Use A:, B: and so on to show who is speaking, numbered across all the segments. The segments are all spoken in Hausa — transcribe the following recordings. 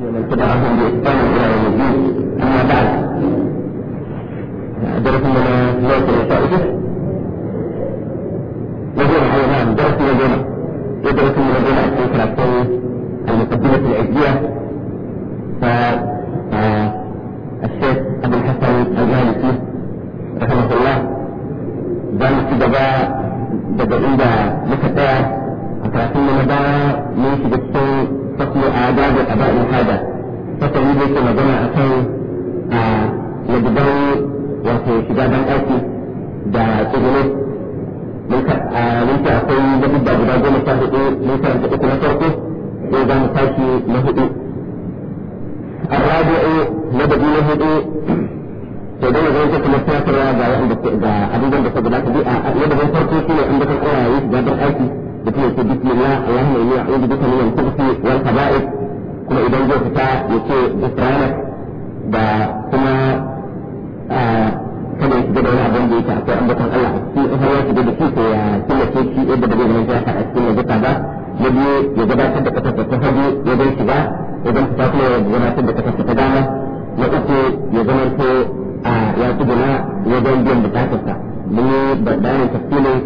A: واتبعهم بإحسان أما بعد درسنا ليلة الفائدة لدينا أيضا درس لدينا يدرس لدينا الشيخ العسكري المقدمة فالشيخ أبو الحسن الجالسي رحمه الله dan sudah ada dapat indah dekat فصل آداب أداء الحاجة فصل يجي magana akan yadda wato shiga ban aiki da tsibiri mun akwai da guda guda goma sha hudu mun ta da uku na farko sai za mu na الرابع مددي na hudu to dole zai ta kuma tsakarwa ga wanda ga abubuwan da suka gabata bi a madadin farko shine in da aiki mutum ya ce bismillah Allahumma inni a'udhu bika min al-khubuthi wal kuma idan zai fita ya ce bisranak da kuma kada ya shiga da wani abin da yake akwai ambaton Allah a cikin in har ya shiga da shi ko ya killace shi yadda ba zai zama jaka a cikin mazuka ba na biyu ya gabatar da kasarsa ta hagu wajen shiga wajen fita kuma ya gabatar da kasarsa ta dama na uku ya zama ko a ya tuguna wajen biyan bukatarsa mun yi bayanin tafsirin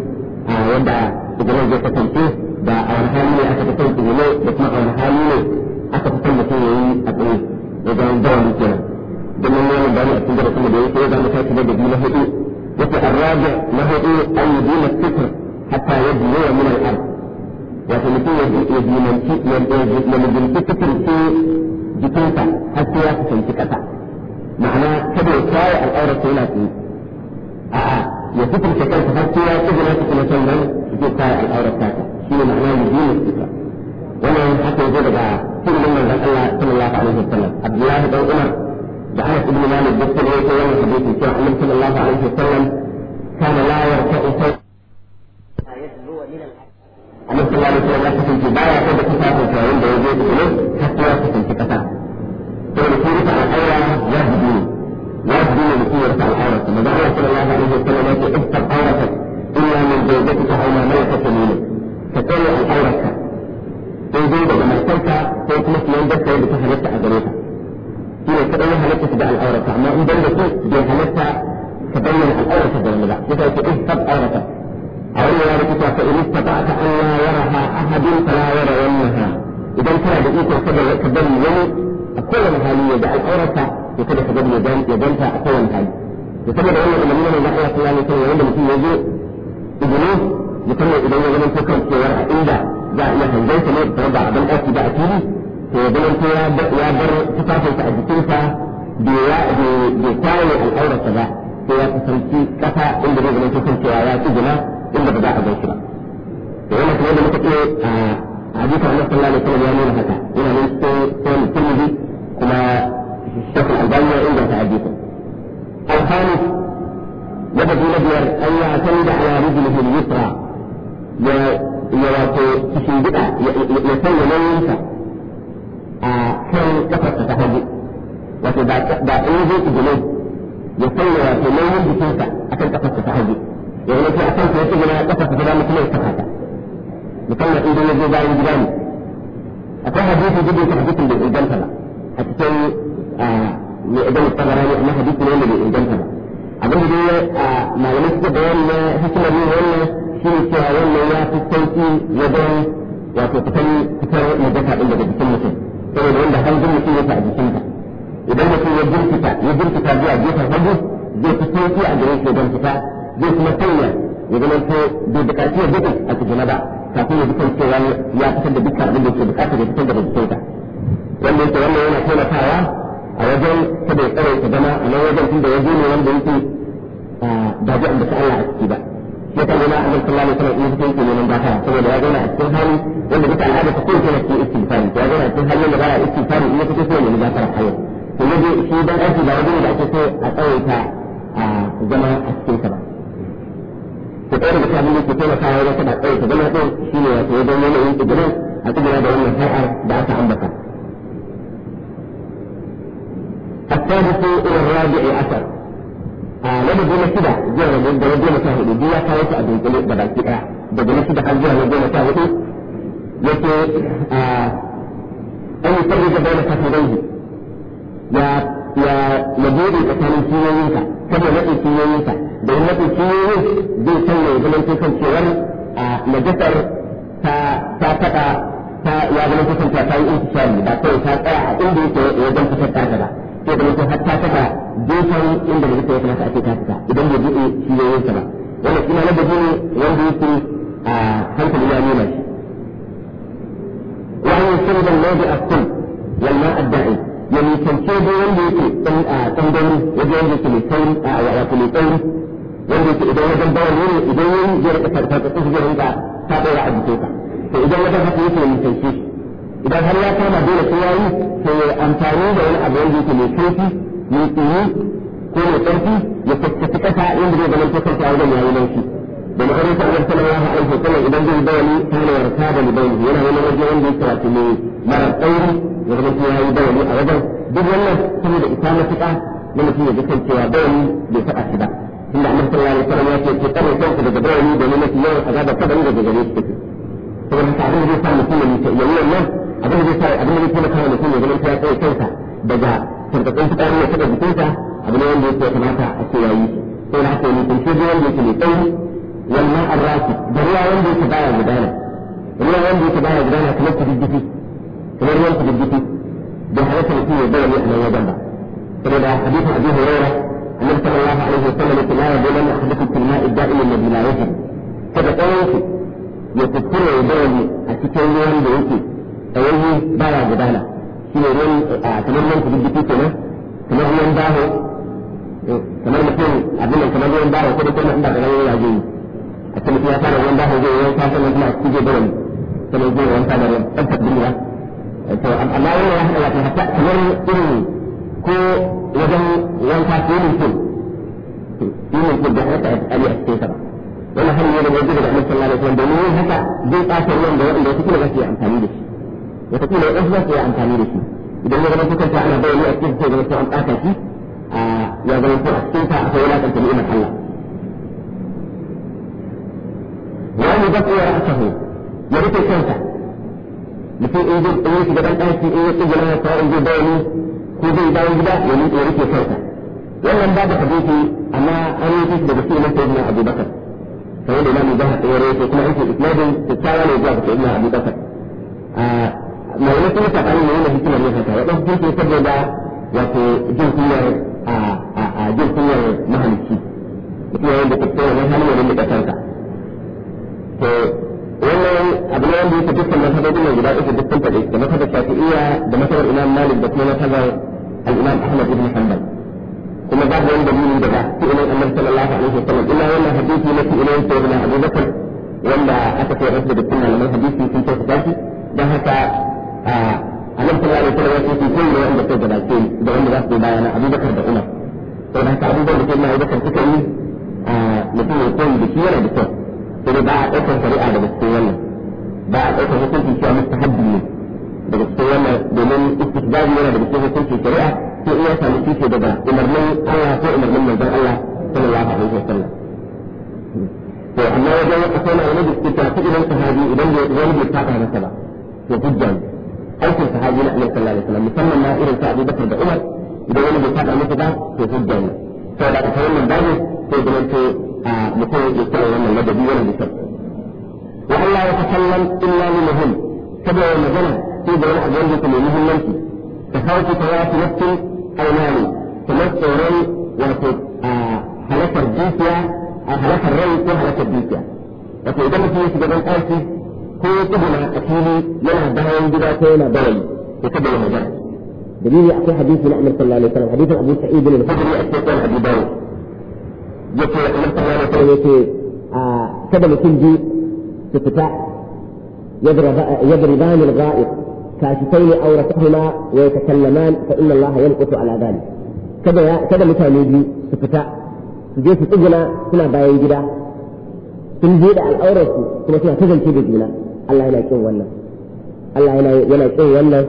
A: wanda idan zai kasance da a wani hali ne aka fitar da ne da kuma a wani hali ne aka fitar da ya yi a tsaye wajen dawani kenan don nan yana cikin da ya na hudu na hudu an yi dina hatta ya biyo ya muna al'ar wato mutum ya ya ce jikinsa har sai ya kasa ma'ana kada ya kare al'aurar tsaye a'a يا فكرة كانت فاتية تجي لك كما تنبغي تجيب طارع الأورة بتاعتك شنو معناه الدين وما حتى يجيب بقى كل من قال الله صلى الله عليه وسلم عبد الله بن عمر بحرف ابن مالك بن سبعين يوم الحديث الشيخ النبي صلى الله عليه وسلم كان لا يرتقي شيء النبي صلى الله عليه وسلم يقسم في بايع كل كتاب الكريم بوجود اليه حتى يقسم في كتاب. فالمسيرة على الأولى يهدي لا الدنيا التي يفتح عورتك النبي صلى الله عليه وسلم يقول افتح عورتك الا من زوجتك او ما ملكت يمينك تطلع عورتك sai dai daga matarka ko kuma siyan dabba yadda ta halatta a gare ta shi ne kaɗai ya halatta su da al'aurata amma in banda su bai halatta ka bayyana al'aurata da wani ba ita ce in sab aurata a wannan ya rikita fa in istaba'ta an la yaraha ahadun fala yara wannaha idan kana da iko saboda ka bari wani a kowane hali da al'aurata to kada ka gani ya danta a kowane hali to saboda wannan umarni ne na Allah sallallahu alaihi wasallam wanda mutum ya zo ibnu musamman idan ya zama to kan cewa a inda za a iya hanzar ta ne da ba ban aiki ba a fili to ya zama to ya bar tufafinsa a jikinsa bai kwaye al'aurarsa ba sai ya kusanci kasa inda zai zama to kan cewa ya tsuguna inda ba za a gan shi ba to wannan kuma da muka ce a hadisin Allah sallallahu alaihi wasallam ya nuna haka yana nan cikin zai su ya sanya wato nauyin jikinsa na goma sha hudu duk ya kawo su a dunkule da baki ɗaya daga na shida har zuwa na goma sha hudu yake an yi sarrafa bayan kafirai ya ya ya bude tsakanin kiyoyinka kada ya naɗe kiyoyinka da ya naɗe kiyoyin zai canza ya zama to kan cewar najasar ta ta faɗa ta ya zama to kan ta yi intisari ba kawai ta tsaya a inda yake wajen fitar da ba sai da mutum hatta saka gefen inda da zai kamata a ce idan bai buɗe shi ba wannan kuma na bugu ne wanda yake a hankali ya nuna shi wa an sun da nabi akul wal ma ya nisance da wanda yake dan a tsangani wajen wanda yake mai tsauri a wato mai tsauri wanda yake idan wajen bawan ne idan yin zai rika tarkatsu zai rika ta ɗora a jikinka to idan wajen haka yake nisance shi idan har ya kama dole sai yayi sai ya amfani da wani abu wanda yake mai kaifi mai tsini ko mai ƙarfi ya tattafi kasa inda zai zama kusan ta wajen yayi laushi da makarin sa Allah sallallahu idan zai bayani kana yarka da libayi yana wani waje wanda yake wato mai mara tsauri ya zama yayi a wajen duk wannan saboda ita matuƙa na mutum ya ga kan cewa bayani bai taɓa shi ba tunda ya ce kanku daga domin mafi yawan azaba ta bani daga gare shi take saboda abin zai sa mutum ya yi wannan abin da zai fara abin da zai taimaka wa mutum ya zama ya tsaye kansa daga tantakon fitsari ya taɓa jikinsa abu ne wanda yake kamata a ce yayi sai na haka ne kun ce da yake mai tsayi wannan arraki da ruwa wanda yake baya gudana ruwa wanda yake baya gudana kamar kududdufi kamar ruwan kududdufi da halatta mutum ya bayyana a nan wajen ba saboda hadisin abu hurairah النبي صلى الله عليه وسلم يقول لا يبولن احدكم في الماء الدائم الذي لا kada ɗayan su ya kuskure ya bayani a cikin ruwan da yake ɗawaini baya gudana shi ne ruwan kamar ruwan kududdiki kenan kamar ruwan baho eh, kamar mutum abin kamar ruwan baho ko da kuma inda kamar ruwan yaje yi a cikin ya fara ruwan baho zai kuma kuje barin zai da ruwan duniya eh, to amma wannan ya haɗa wato hatta kamar irin ko wajen wanka ko mutum yinin ko da haka a cikin sa
B: wannan har ne da Annabi sallallahu alaihi wasallam domin haka
A: zai tsaka ruwan da wanda suke da gaskiya amfani da shi wataƙila ya ɗansu za su yi amfani da shi idan ya zama kuka ana bayani a cikin sai da ko an ɓata shi ya zama ko a cikin sa akwai wulaƙanta ni'imar Allah wani ba ko ya rasa ho ya rufe kansa mutum in zai in shiga ɗan ɗaki in ya tsigila ya in zai bayani ko zai bayan gida ya nuke ya rufe kansa wannan ka hadisi amma an yi shi daga sai na sayyidina Abubakar kamar da Imam Jahar ya rufe kuma yake isnadin kyakkyawa ne zuwa ga sayyidina mai wani kuma tsakanin mai wani hikimar yin haka waɗansu sun ce saboda wato jin kunyar a jin kunyar mahalicci kuma wanda ta tsaye wani hannun wani da kanka to wannan abu ne wanda yake dukkan mazhabobin nan guda uku dukkan faɗi da mazhabar shafi'iyya da mazhabar imam malik da kuma mazhabar al-imam ahmad ibn hanbal kuma babu wani dalili daga fi'ilin annabi sallallahu alaihi wasallam illa wannan hadisi na fi'ilin sayyidina abubakar wanda aka kai rasu da dukkan malaman hadisi sun tafi don haka annabi sallallahu alaihi wasallam yake cikin da wanda kai gabace da wanda za su bayana abubakar da umar sai da abubuwan da kai abubakar suka yi mutum ya koyi da shi yana da kyau sai ba a ɗaukar shari'a daga cikin wannan ba a ɗaukar hukunci cewa mustahabbi ne daga cikin wannan domin istihbabi yana daga cikin hukunci shari'a sai in ya samu tushe daga umarnin Allah ko umarnin manzon Allah sallallahu alaihi wasallam to amma wajen akwai malamai da suke tafi idan sahabi aikin sahabi na annabi sallallahu alaihi wasallam musamman na irin sa Abu Bakar da Umar idan wani bai faɗa masa ba to hujja ne saboda da ta wannan babu sai da to a mutum ya kira wannan ladabi wannan bisa wa Allah ya tasallam illa li muhim saboda magana sai da wani abu wanda yake mai muhimmanci ta hauki ta wasu nafsin aimani kamar tsoron wato halakar dukiya a halakar rai ko halakar dukiya wato idan mutum ya shiga ban ɗaki ko ya a fili yana bayan gida ko yana bayan ya taɓa yana magana dalili akwai hadisi na annabi sallallahu alaihi wasallam hadisin abu sa'id bin al-khudri a cikin abu dawud yace annabi sallallahu alaihi wasallam kada mutum bi su fita يضربان الغائط كاشفين أورتهما ويتكلمان
B: فإن الله يمقت على ذلك كذا su مثال su سفتا su في سجنا سنا باين جدا سنجي على الأورث ثم سنا تزل da بجنا Allah yana kin wannan Allah yana yana kin wannan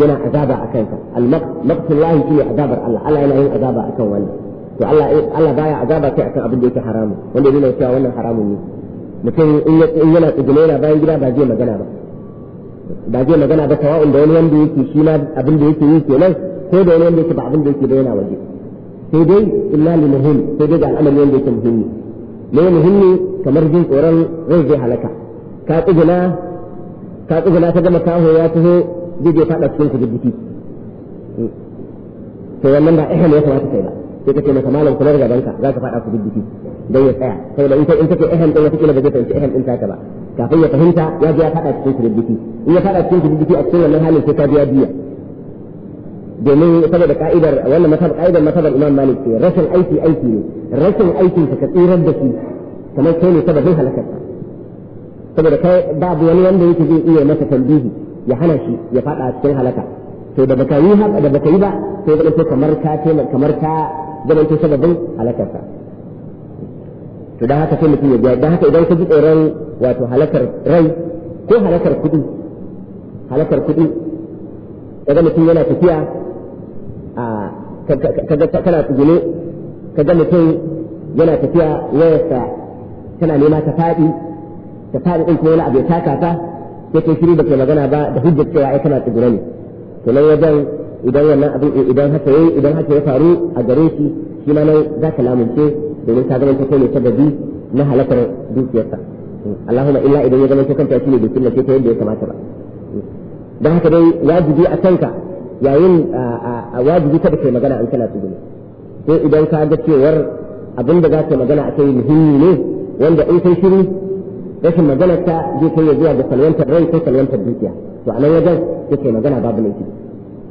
B: yana azaba akan ka al-maqtul lahi shine azabar Allah Allah yana yin azaba akan wannan to Allah Allah baya azaba sai akan abin da yake haramun wanda yana cewa wannan haramun ne mutum in yana tsugune yana bayan gida ba zai magana ba ba zai magana ba tawa'un da wani wanda yake shi ma abin da yake yi
A: kenan ko da wani wanda yake ba abin da yake da yana waje sai dai illa li muhim sai dai ga al'amari wanda yake muhimmi ne muhimmi kamar jin tsoron rai zai halaka ka tsuguna
B: ka tsuguna ta gama kaho ya taho zai faɗa cikin ku jibbuki to wannan ba ihlam ya kamata kai ba sai kace maka malam kuma daga banka za ka faɗa ku jibbuki dan ya tsaya da in in kace ihlam din wata kila ba zai fahimci ihlam din ta ba kafin ya fahimta ya ji ya faɗa cikin ku in ya faɗa cikin ku jibbuki a cikin wannan halin sai ka biya biya domin saboda ka'idar wannan masar ka'idar masar imam malik ce rashin aiki aiki ne rashin aikin ka tsirar da shi kamar kai ne saboda halakarsa saboda kai babu wani wanda yake zai iya masa tambihi ya hana shi ya fada cikin halaka to da baka yi haka da baka yi ba sai ga kamar ka taimaka kamar ka zama ta sababin ka. to dan haka sai mutum ya biya dan haka idan ka ji tsoron wato halakar rai ko halakar kuɗi halakar kuɗi kaga mutum yana tafiya a kaga kana tsugune kaga mutum yana tafiya wayarsa tana nema ta faɗi ta fara din kuma wani abu ya taka ta sai kai shiri da ke magana ba da hujjar cewa ai kana tsugura ne to nan wajen idan wannan abin idan haka yayi idan haka ya faru a gare shi shi ma nan za ka lamunce domin ka zama kai ne sababi na halakar dukiyarsa Allahumma illa idan ya zama kanta shi ne bai killace ta yadda ya kamata ba don haka dai wajibi a kanka yayin wajibi kada kai magana an kana tsugune sai idan ka ga cewar abin da za ka magana a kai muhimmi ne wanda in kai shiri. rashin maganarsa zai kai zuwa ga salwantar rai ko salwantar dukiya to a nan wajen yake magana babu ne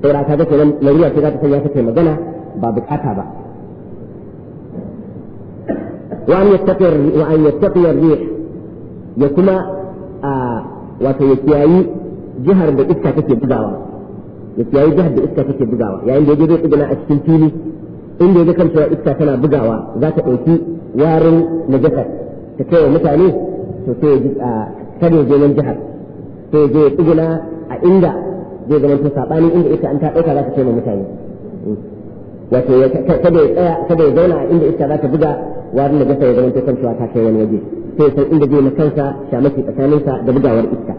B: da ka ga kenan lauriya ce za ta sanya magana ba bukata ba wa an yattaqi wa an ya kuma a ya kiyayi jihar da iska take bugawa ya kiyayi jihar da iska take bugawa yayin da ya zai tsugana a cikin fili inda ya ga kan cewa iska tana bugawa za ta ɗauki warin najasa ta kai wa mutane to sai ya ji a ya je nan jihar sai ya je ya tsuguna a inda zai zama to sabani inda ita an ta dauka za ta ce mutane wato kada ya tsaya kada ya zauna a inda ita za ta buga warin da gasa ya zama ta cewa ta kai wani waje sai san inda zai na kansa tsakanin tsakaninsa da bugawar iska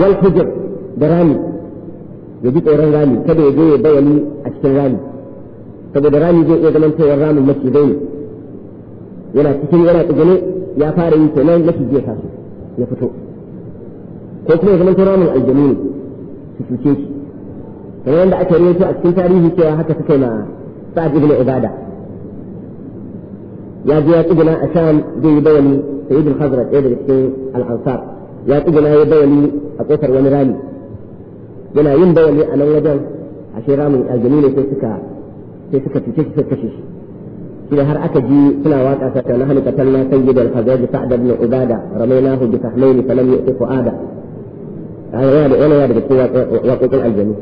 B: wal hujr da rami ya ji tsoron rami kada ya je ya bayani a cikin rami saboda rami zai iya ta yawan ramin macizai ne yana cikin yana tsugune ya fara yi kenan shi zai taso ya fito ko kuma ya zama ramin aljami ne su cuce shi kamar yadda aka yi rawaito a cikin tarihi cewa haka suka yi ma sa'ad ibn ibada ya je ya tsigina a sham zai yi bayani sayyid al-hazrat ɗaya daga cikin al-ansar ya tsigina ya bayani a kofar wani rami yana yin bayani a nan wajen a shi ramin aljami ne sai suka sai suka cuce shi suka kashe shi shine har aka ji suna waka ta ta nahnu qatalna sayyidal hajjaj sa'd ibn ubada ramaynahu bi tahmayn falam yu'ti fuada yana da yana da cikin waƙoƙin aljanu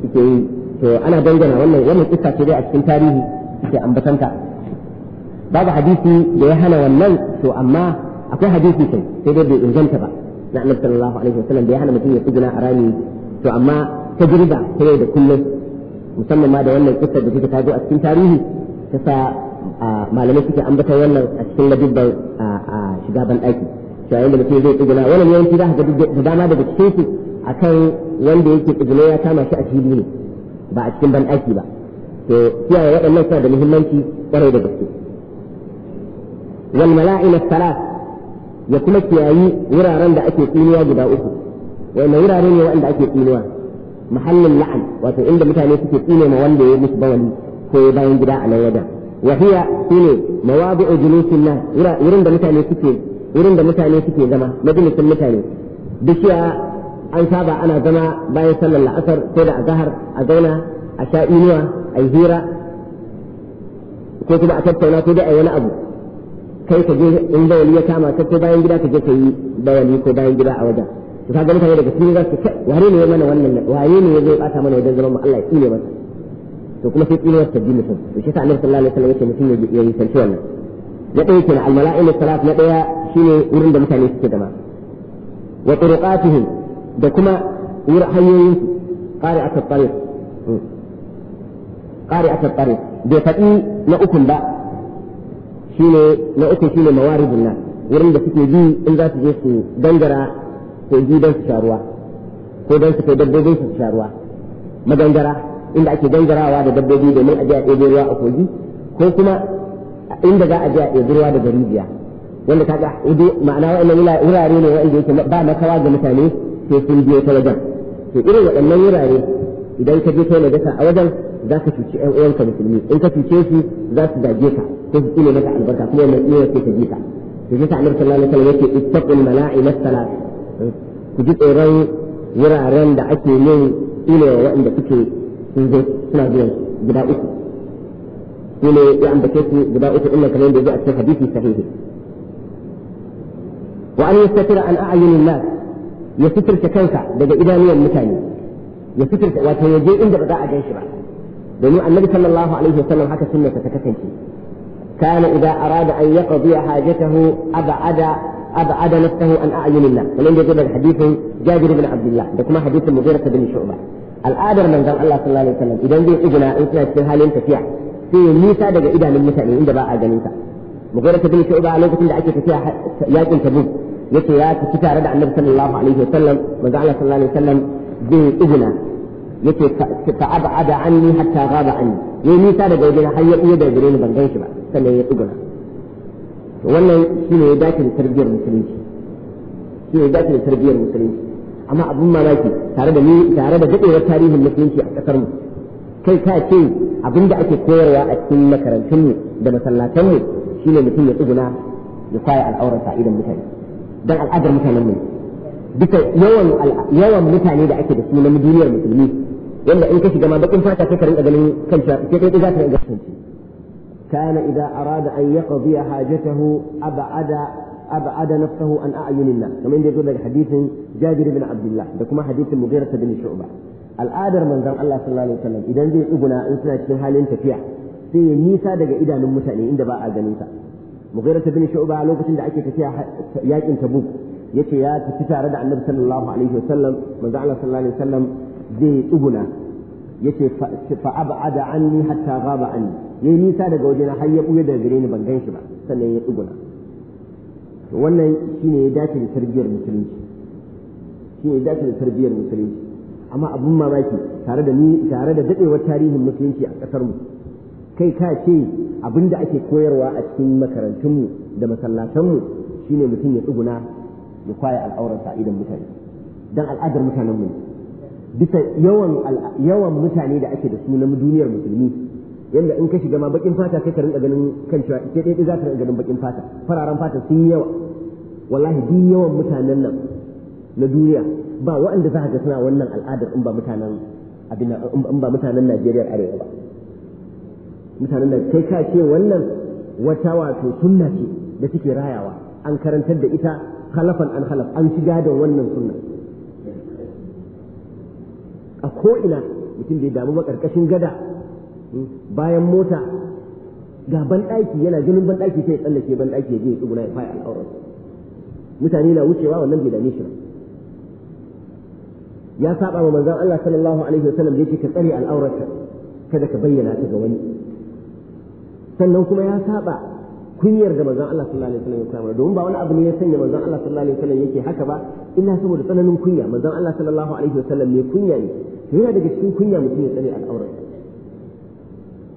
B: suke yi to ana dangana wannan wannan kissa ce dai a cikin tarihi suke ambatanta babu hadisi da ya hana wannan to amma akwai hadisi sai sai dai bai inganta ba na annabi sallallahu alaihi wasallam da ya hana mutum ya tsuguna a rami to amma tajriba ta yau da kullum musamman ma da wannan kissa da suka tazo a cikin tarihi ta sa malamai suke ambata wannan a cikin a shiga ban ɗaki cewa yadda mutum zai tsuguna wannan yawanci za ka ga da dama daga cikin su kan wanda yake tsuguna ya kama shi a fili ne ba a cikin ban ɗaki ba to kiyaye waɗannan suna da muhimmanci ƙwarai da gaske wal mala'ina salat ya kuma kiyayi wuraren da ake tsiniya guda uku wannan wurare ne waɗanda ake tsiniya muhallin la'an wato inda
A: mutane suke tsine ma wanda ya musu bawali ko ya bayan gida a nan wajen وهي شنو مواضع جلوس الناس يرين ده متاني سكي يرين ده متاني سكي زما مجلس المتاني
B: بشيا an saba ana zama bayan sallar la'asar ko da azahar a zauna a sha inuwa a yi hira ko kuma a tattauna ko dai a wani abu kai ka je in bawali ya kama ka ko bayan gida ka je ka yi bawali ko bayan gida a wajen to ka ga mutane daga ne ya mana wannan ne ya zo mana wajen Allah to kuma sai tsinuwar ta bi mutum to shi sa annabi sallallahu alaihi wasallam yake mutum ya yi sanci wannan na ɗaya al almala'imu salat na ɗaya shine wurin da mutane suke ma wa turqatuhum da kuma wurin hanyoyin su qari akat tariq hmm. qari akat tariq da fadi na ukun ba shine na uku shine mawaridun nas wurin da suke bi in za su je su dangara ko ji don su sharuwa ko dan su kai dabbobin su sharuwa magangara inda ake gangarawa da dabbobi domin a je a ɗebo ruwa a kogi ko kuma inda za a je a ɗebo ruwa daga rijiya wanda kaga ido ma'ana wa'annan wurare ne wa'anda yake ba makawa ga mutane sai sun biyo ta wajen to irin waɗannan wurare idan ka je kai na dasa a wajen za ka cuci ƴan uwanka musulmi in ka cuce su za su zage ka ko su tsine maka albarka kuma mai tsine sai ka ji ka to sai annabi sallallahu alaihi wasallam yake ittaqul mala'in as-salat
A: ku ji tsoron wuraren da ake yin tsine waɗanda suke بداءته إلى يعني بكتي بداءته إلا كلام
B: بيجاء في حديث صحيح وأن يستتر عن أعين الناس يستتر كتوسع بدا إدامي المكان يستتر وتيجي عند بداء جيشبه لأن النبي صلى الله عليه وسلم حكى سنة فكتنك كان إذا أراد أن يقضي حاجته أبعد أبعد نفسه عن أعين الله ولن يجب الحديث جابر بن عبد الله لكما حديث مغيرة بن شعبة al'adar manzon Allah sallallahu alaihi wasallam idan zai tsuguna in suna cikin halin tafiya sai ya nisa daga idanun mutane inda ba a ganin sa mugara ta bin shu'ba a lokacin da ake tafiya yakin tabuk yace ya tafi tare da annabi sallallahu alaihi wasallam manzon Allah sallallahu alaihi wasallam zai tsuguna yace fa ab'ada anni hatta ghaba anni ya nisa daga wajen har ya iya da gare ni ban gan shi ba sannan ya tsuguna wannan shine ya dace da tarbiyyar musulunci shine ya dace da tarbiyyar musulunci amma abin mamaki tare da ni tare da dadewar tarihin musulunci a kasar mu kai ka ce abin da ake koyarwa a cikin makarantun mu da masallatan mu shine mutum ya tsuguna ya kwaye al'aurar sa mutane dan al'adar mutanen mu duka yawan yawan mutane da ake da su na duniyar musulmi wanda in ka shiga ma bakin fata sai ka rinka ganin kanka sai kai za ka rinka kanka كان إذا أراد أن يقضي حاجته أبعد أبعد نفسه عن أعين الله كما يقول لك حديث جابر بن عبد الله لكما حديث المغيرة بن شعبة al'adar manzon Allah sallallahu alaihi wasallam idan zai tsuguna in suna cikin halin tafiya sai ya nisa daga idanun mutane inda ba a ganin sa Mughira bin Shu'ba lokacin da ake tafiya yakin Tabuk yace ya tafi tare da Annabi sallallahu alaihi wasallam manzon Allah sallallahu alaihi wasallam zai tsuguna yace fa ab'ada anni hatta ghaba anni yayi nisa daga wajena har ya buya daga gare ni ban gan shi ba sannan ya tsuguna wannan shine ya dace da tarbiyyar musulunci ya dace da tarbiyyar musulunci amma abin mamaki tare da ni tare da dadewar tarihin musulunci a ƙasarmu, mu kai ka ce abin da ake koyarwa a cikin makarantunmu da masallatanmu shine mutum ya tsuguna ya kwaya al'aurarsa a idan mutane dan al'adar mutanen mu bisa yawan yawan mutane da ake da su na duniyar musulmi yanda in ka shiga ma bakin fata kai ka rinka ganin kan cewa ke dai za ka rinka ganin bakin fata fararen fata sun yi yawa wallahi duk yawan mutanen nan na duniya ba waɗanda za ka suna wannan al'adar in ba mutanen in ba Najeriya arewa ba mutanen da kai ka ce wannan wata wato sunna ce da suke rayawa an karantar da ita halafan an halaf an shiga da wannan sunna a ko ina mutum bai damu ba karkashin gada bayan mota ga banɗaki yana ganin banɗaki sai ya tsallake banɗaki ya je ya tsuguna ya faya al'aurar mutane na wucewa wannan bai dame shi ba ya saba wa manzon Allah sallallahu alaihi wasallam da yake ka tsare al'aurarka kada ka bayyana ta ga wani sannan kuma ya saba kunyar da manzon Allah sallallahu alaihi wasallam ya kama domin ba wani abu ne ya sanya manzon Allah sallallahu alaihi wasallam yake haka ba illa saboda tsananin kunya manzon Allah sallallahu alaihi wasallam ne kunya ne yana daga cikin kunya mutum ya tsare al'aurarsa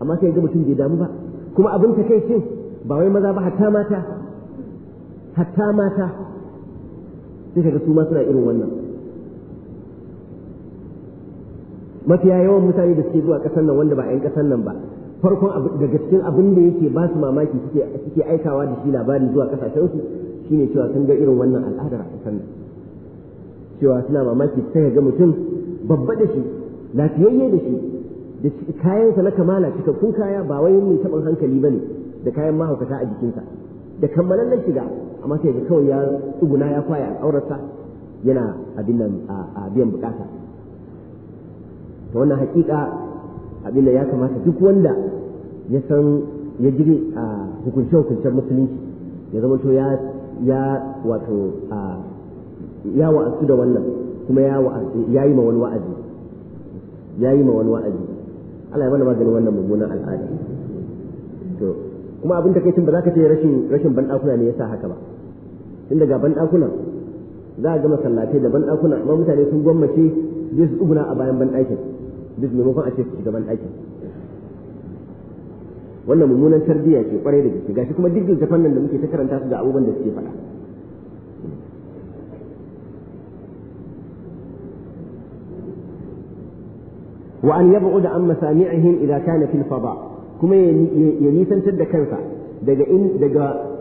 B: amma sai ga mutum bai damu ba kuma abin ta kai cin ba wai maza ba hatta mata hatta mata sai kaga su ma suna irin wannan mafiya yawan mutane da suke zuwa ƙasar nan wanda ba 'yan ƙasar nan ba farkon daga cikin abin da yake ba su mamaki suke aikawa da shi labarin zuwa ƙasashensu shine cewa sun ga irin wannan al'adar a ƙasar nan cewa suna mamaki sai ga mutum babba da shi lafiyayye da shi da kayansa na kamala cikakkun kaya ba wai mai taɓin hankali ba ne da kayan mahaukata a jikinsa da kammalallen shiga amma sai ga kawai ya tsuguna ya kwaya aurarsa yana abin nan a biyan bukata ta wannan hakika abin da ya kamata duk wanda ya san ya jiri a hukunce-hukuncen musulunci ya zama to ya wato ya wa'azu da wannan kuma ya yi ma wani wa'azi ya yi ma wani wa'azi Allah ya mana maganin wannan mummunan al'ada to kuma abin da kai ba za ka ce rashin rashin bandakuna ne yasa haka ba tun daga bandakunan za a ga masallatai da bandakuna amma mutane sun gwammace zai su tsuguna a bayan bandakin duk maimakon a ce su shiga bandakin wannan mummunan tarbiyya ce kwarai da gaske gashi kuma duk da fannin da muke ta karanta su da abubuwan da suke faɗa وأن يبعد عن مسامعهم إذا كان في الفضاء كما ينيسن تد كنسا دقا إن دقا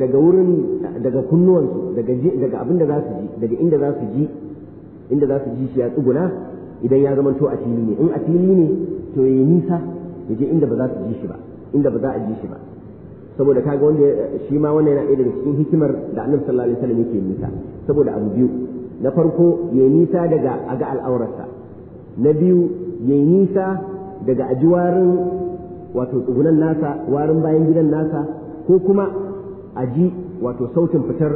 B: daga wurin daga kunnuwansu daga daga abin da za su ji daga inda za su ji inda za su ji shi tsuguna idan ya zama to a fili ne in a fili ne to ya nisa ya je inda ba za su ji ba inda ba za a ji ba saboda kaga wanda shi ma wannan yana ɗaya daga cikin hikimar da annabi sallallahu alaihi wasallam yake nisa saboda abu biyu na farko ya nisa daga aga al'aurarsa na biyu mai nisa daga warin wato tsugunan nasa warin bayan gidan nasa ko kuma aji wato sautin fitar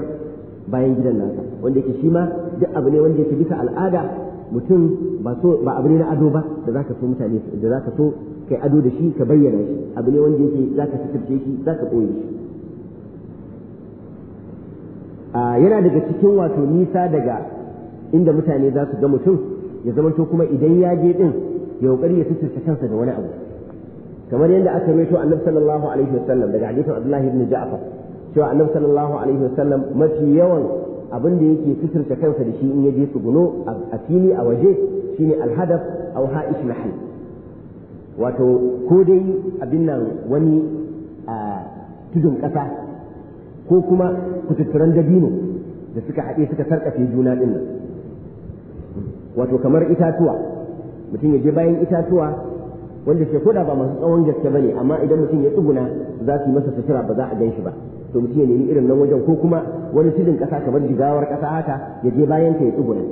B: bayan gidan nasa wanda yake shi ma duk abu ne wanda yake bisa al'ada mutum ba ba abu ne na ado ba da zaka so mutane da zaka so kai ado da shi ka bayyana shi abu ne wanda yake zaka sitirce shi zaka koye shi yana daga cikin wato nisa daga inda mutane za su ga mutum ya zamanto kuma idan ya je din ya kokari ya tuturta kansa da wani abu kamar yadda aka maito annabi sallallahu alaihi wasallam daga hadisin abdullahi ibn ja'far cewa annabi sallallahu alaihi wasallam mafi yawan abin da yake fitirta kansa da shi in yaje tsuguno a fili a waje shine alhadaf aw ha'ish mahal wato ko dai abin nan wani a tudun kasa ko kuma kututturan dabino da suka haɗe suka sarƙafe juna ɗin nan wato kamar itatuwa mutum ya je bayan itatuwa wanda ke koda ba masu tsawon gaske bane amma idan mutum ya tsuguna za su yi masa sutura ba za a gan shi ba to mutum ya nemi irin nan wajen ko kuma wani tudun kasa kamar jigawar kasa haka ya je bayan ta ya tsuguna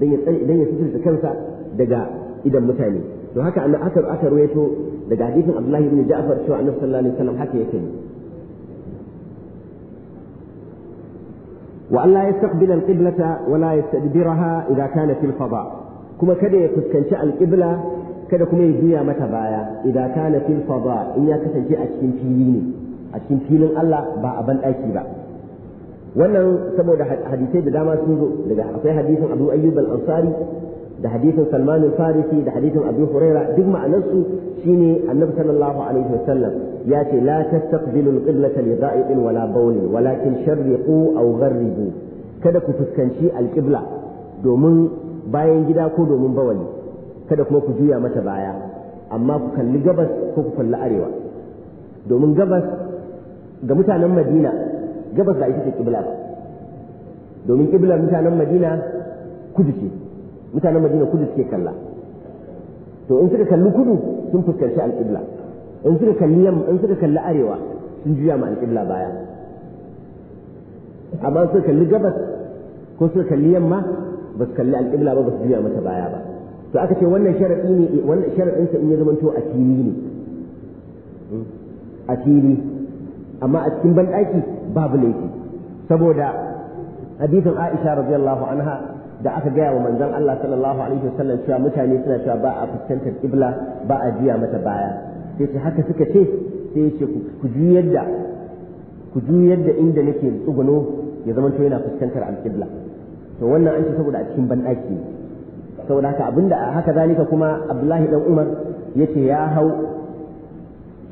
B: dan ya suturta kansa daga idan mutane to haka an aka aka ruwaito daga hadisin Abdullahi ibn Ja'far cewa Annabi sallallahu alaihi wasallam haka yake وأن لا يستقبل القبلة ولا يستدبرها إذا كان في الفضاء كما كده يفسكنش القبلة كده كما يجويا متى بايا إذا كان في الفضاء إن يكسنش أشكين فيني أشكين فيني الله با أبن أيكي با wannan saboda hadisai da dama sun zo daga akwai hadisin Abu Ayyub al-Ansari da hadisin Salman al-Farisi da hadisin Abu Huraira duk ma'anarsu shine Annabi sallallahu alaihi wasallam ya ce la tastaqbilul qiblata li da'iqin wala bawlin walakin sharriqu aw gharribu kada ku fuskanci al-qibla domin bayan gida ko domin bawali kada kuma ku juya mata baya amma ku kalli gabas ko ku kalli arewa domin gabas ga mutanen Madina gabas ba ita ce kibla ba domin kiblar mutanen Madina kudu ce mutanen madina kudu suke kalla to in suka kalli kudu sun fuskanci alƙibla in suka kalli yamma in suka kalli arewa sun juya ma alƙibla baya amma suka kalli gabas ko suka kalli yamma ba su kalli alƙibla ba ba su juya mata baya ba to aka ce wannan sharaɗi ne wannan sharaɗin sa in ya zamanto a fili ne a fili amma a cikin banɗaki babu laifi saboda hadisin Aisha radiyallahu anha da aka gaya wa manzon Allah sallallahu alaihi wasallam cewa mutane suna cewa ba a fuskantar kibla ba a jiya mata baya sai ce haka suka ce sai ce ku juyar da ku juyar da inda nake tsuguno ya zama to yana fuskantar alkibla to wannan an ce saboda a cikin banɗaki saboda haka abinda haka zalika kuma Abdullahi dan Umar yace ya hau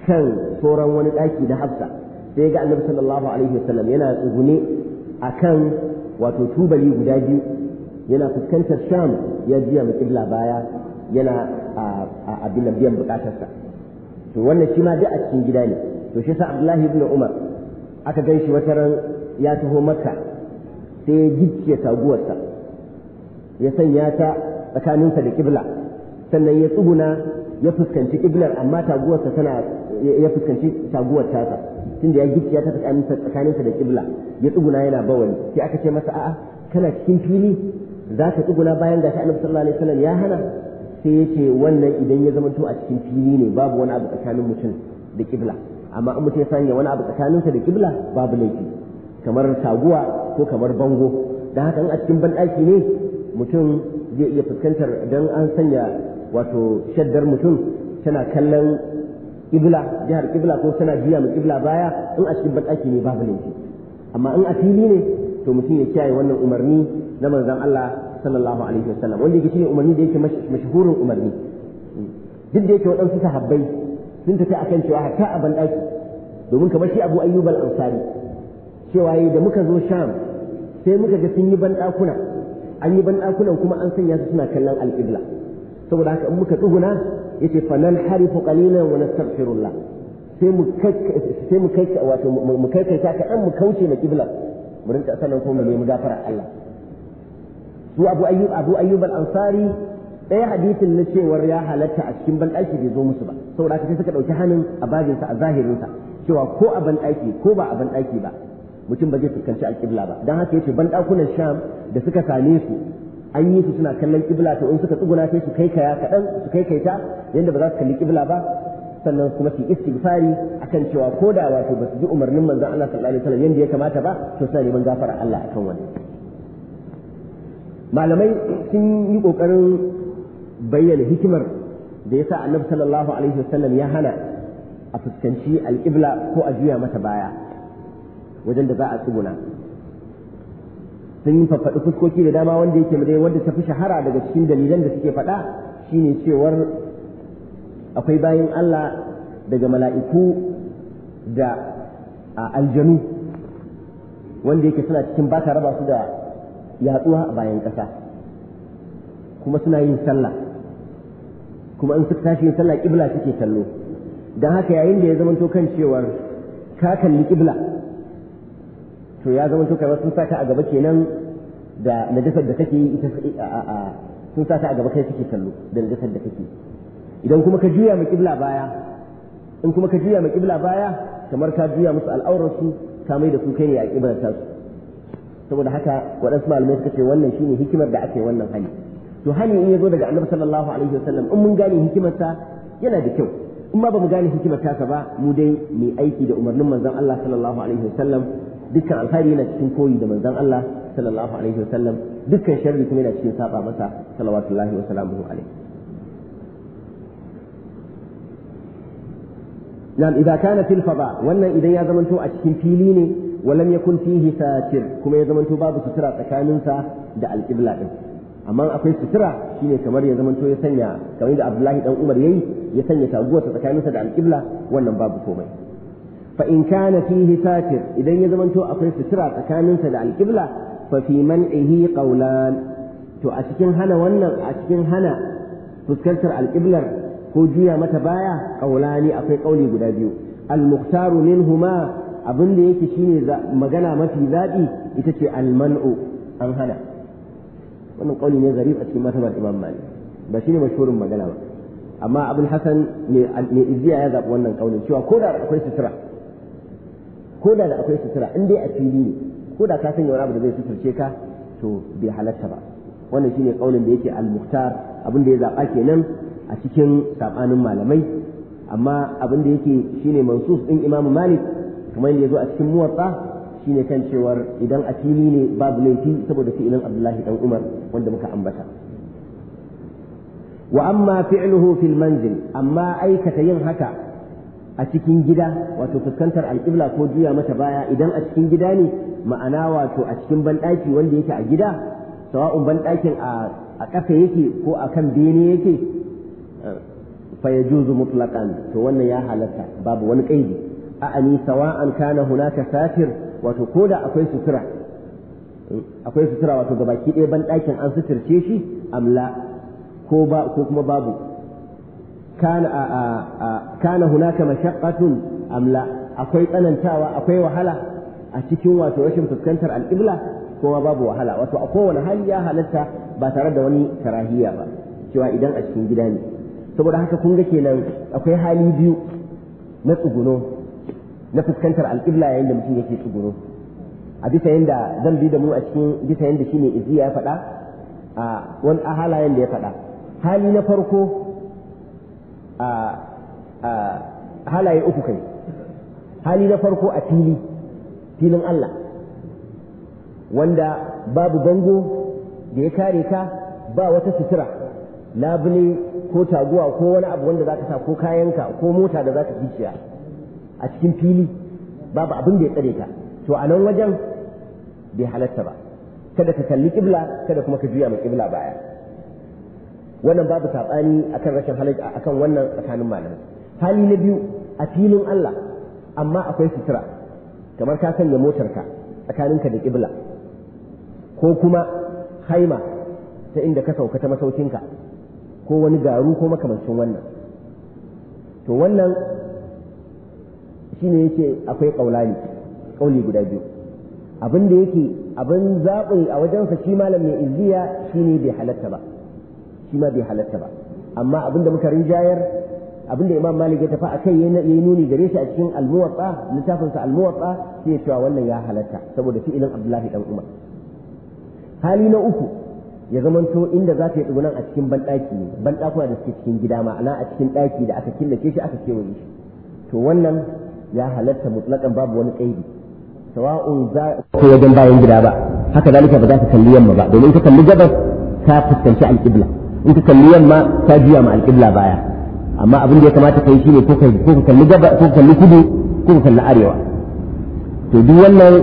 B: kan sauran wani ɗaki na Hafsa sai ga Annabi sallallahu alaihi wasallam yana tsugune akan wato tubali guda biyu yana fuskantar sham ya jiya mu kibla baya yana abin da biyan bukatarsa to wannan shi ma duk a cikin gida ne to shi sa abdullahi ibn umar aka gan shi wata ran ya taho makka sai ya gicciye taguwarsa ya sanya ta tsakaninsa da kibla sannan ya tsuguna ya fuskanci kiblar amma taguwarsa tana ya fuskanci taguwar tasa tunda ya gicciya ta tsakaninsa da kibla ya tsuguna yana bawani sai aka ce masa a'a kana cikin fili za ka tsuguna bayan ga annabi sallallahu alaihi wasallam ya hana sai ya wannan idan ya zama zamanto a cikin fili ne babu wani abu tsakanin mutum da kibla amma in mutum ya sanya wani abu tsakaninsa da kibla babu laifi kamar taguwa ko kamar bango da haka in a cikin banɗaki ne mutum zai iya fuskantar don an sanya wato shaddar mutum tana kallon kibla jihar kibla ko tana biya mu kibla baya in a cikin banɗaki ne babu laifi amma in a fili ne to mutum ya kiyaye wannan umarni na manzon Allah sallallahu alaihi wasallam wanda yake shine umarni da yake mashhurin umarni duk da yake waɗansu sahabbai sun tafi akan cewa hatta a bandaki domin kamar shi Abu Ayyub al-Ansari cewa yayi da muka zo Sham sai muka ga sun yi bandakuna an yi bandakunan kuma an sanya su suna kallon al-qibla saboda haka in muka tsuguna yace fa nan harifu qalilan wa nastaghfirullah sai mu kai sai mu kai wato mu kai kai ka mu kauce na qibla mu rinka sanin ko mu nemi gafarar Allah su Abu Ayyub Abu Ayyub al-Ansari ɗaya hadisin na cewar ya halatta a cikin banɗaki bai zo musu ba saboda haka sai suka ɗauki hannun a bajinsa a zahirinsa cewa ko a banɗaki ko ba a banɗaki ba mutum ba zai fuskanci alƙibla ba don haka yace banɗakunan sham da suka same su an yi su suna kallon ƙibla to in suka tsuguna sai su kai kaya kaɗan su kai kaita yadda ba za su kalli ƙibla ba sannan kuma su istighfari akan cewa ko da wato ba su ji umarnin manzon Allah sallallahu alaihi wasallam yanda ya kamata ba to suna neman gafara Allah akan wannan malamai sun yi kokarin bayyana hikimar da yasa annabi sallallahu alaihi wasallam ya hana a fuskanci ibla ko a juya mata baya wajen da za a tsuguna sun yi faffaɗi fuskoki da dama wanda yake dai wanda ta fi shahara daga cikin dalilan da suke faɗa shine cewar akwai bayan Allah daga mala'iku da a aljanu wanda yake suna cikin baka raba su da yatsuwa a bayan ƙasa kuma suna yin sallah kuma in suka tashi yin sallah ƙibla suke kallo don haka yayin da ya zama kan cewar ka kalli ƙibla to ya zamanto kamar sun saka a gaba kenan da najasar da kake yi ita sun saka a gaba kai suke kallo da najasar da kake idan kuma ka juya ma baya in kuma ka juya ma baya kamar ka juya musu al'aurarsu ka mai da su kai ne a kibarta su saboda haka waɗansu malamai suka ce wannan shine hikimar da ake wannan hali to hali in ya zo daga annabi sallallahu alaihi wasallam in mun gane hikimarta yana da kyau in ma ba mu gane hikimarta ka ba mu dai mu aiki da umarnin manzon Allah sallallahu alaihi wasallam dukkan alkhairi yana cikin koyi da manzon Allah sallallahu alaihi wasallam dukkan sharri kuma yana cikin saba masa sallallahu alaihi wasallam alaihi نعم إذا كان في الفضاء وأن إذا يزمنتو أشكين فيليني ولم يكن فيه ساتر كما يزمنتو باب سترة تكامنسا دع القبلة amma akwai sutura shine kamar ya zamanto ya sanya kamar da Abdullahi dan Umar yayi ya sanya taguwa ta tsakaninsa da alƙibla wannan babu komai fa in kana fihi satir idan ya zamanto akwai sutura tsakaninsa da alkibla fa fi man'ihi qawlan to a cikin hana a cikin hana fuskantar alkiblar. ko juya mata baya kaulani akwai kauli guda biyu al-muqtaru minhuma abin da yake shine magana mafi zaɓi ita ce al-man'u an hana wannan kauli ne zarif a cikin masabar imam malik ba shine mashhurin magana ba amma abul hasan ne ne izziya ya zaɓi wannan kaulin cewa ko da akwai sutura ko da akwai sutura in dai a fili ne ko da ka sanya wani abu da zai suturce ka to bai halatta ba wannan shine kaulin da yake al-muqtar abin da ya zaɓa kenan a cikin saɓanin malamai amma abin da yake shine mansus din Imam Malik kamar yadda yazo a cikin muwatta shine kan cewar idan a fili ne babu laifi saboda fi'ilin Abdullahi dan Umar wanda muka ambata wa amma fi'luhu fil manzil amma aikata yin haka a cikin gida wato fuskantar alƙibla ko juya mata baya idan a cikin gida ne ma'ana wato a cikin banɗaki wanda yake a gida sawa'un banɗakin a ƙasa yake ko a kan bene yake fa yajuzu mutlaqan to wannan ya halatta babu wani kaidi a'ani sawa'an kana hunaka satir wato koda akwai sutura akwai sutura wato gabaki ɗaya ban an suturce shi amla ko kuma babu kana a kana hunaka mashaqqatun akwai tsanantawa akwai wahala a cikin wato rashin fuskantar al'ibla kuma babu wahala wato a kowane hali ya halarta ba tare da wani karahiya ba cewa idan a cikin gida ne saboda haka kun ga kenan akwai hali biyu na tsuguno na fuskantar alƙibla yayin da mutum yake tsuguno a bisa yadda zan bi da mu a cikin bisa shi ne iziya ya faɗa a wani a halayen da ya faɗa hali na farko a halaye uku kai hali na farko a fili filin Allah wanda babu bango da ya kare ka ba wata sutura labule ko taguwa ko wani abu wanda zaka sa ko kayanka ko mota da zaka kiciya a cikin fili babu abin da ya tsare ka to a nan wajen bai halatta ba kada ka kalli kibla kada kuma ka juya mai kibla baya wannan babu saɓani akan rashin halatta akan wannan tsakanin malamai hali na biyu a filin Allah amma akwai sutura kamar ka sanya motar motarka tsakaninka da kibla ko kuma haima ta inda ka sauka ta masaukinka ko wani garu ko makamancin wannan to wannan shine yake akwai kaulani kauli guda biyu abin da yake abin zaɓi a wajensa shi malam mai izziya ne bai halatta ba shi ma bai halatta ba amma abin da muka rinjayar abin da imam malik ya tafi a kai ya yi nuni gare shi a cikin almuwatsa littafinsa almuwatsa sai ya cewa wannan ya halatta saboda fi'ilin abdullahi dan umar hali na uku ya zamanto inda za ta yi tsugunan a cikin banɗaki ne banɗakuna da suke cikin gida ma'ana a cikin ɗaki da aka killace shi aka kewaye shi to wannan ya halatta mutlaƙan babu wani ƙaidi sawa'un za ko wajen bayan gida ba haka zalika ba za ka kalli yamma ba domin ka kalli gabas ka fuskanci alƙibla in ka kalli yamma ka juya ma alƙibla baya amma abin da ya kamata ka yi shine ko ka kalli gabas ko ka kalli kudu ko ka kalli arewa to duk wannan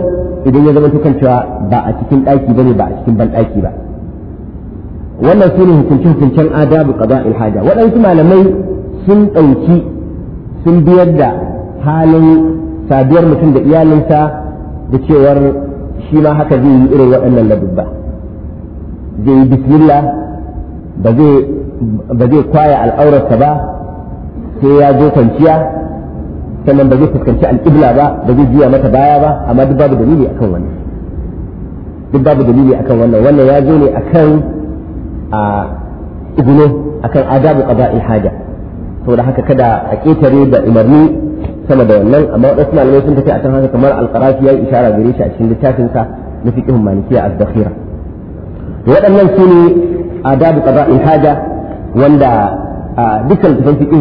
B: idan ya zama kan cewa ba a cikin ɗaki ne ba a cikin banɗaki ba wannan su ne hukunce-hukuncen adabu qada ilhaja waɗansu malamai sun ɗauki sun biyar da halin sabuwar mutum da iyalinsa da cewar shi ma haka zai yi irin waɗannan ladubba zai yi bismillah ba zai kwaya al'aurarsa ba sai ya zo kwanciya sannan ba zai fuskanci al'ibla ba ba zai juya mata baya ba amma duk babu dalili akan wannan duk babu dalili akan wannan wannan ya zo ne akan a izinin akan adabu qada'il haja saboda haka kada a ketare da umarni sama da wannan amma wadansu malamai sun tafi akan haka kamar al-qarafi yayi isharar gare shi a cikin littafin sa na fiqh malikiya az-zakhira waɗannan su ne adabu qada'il haja wanda dukkan tafan fiqh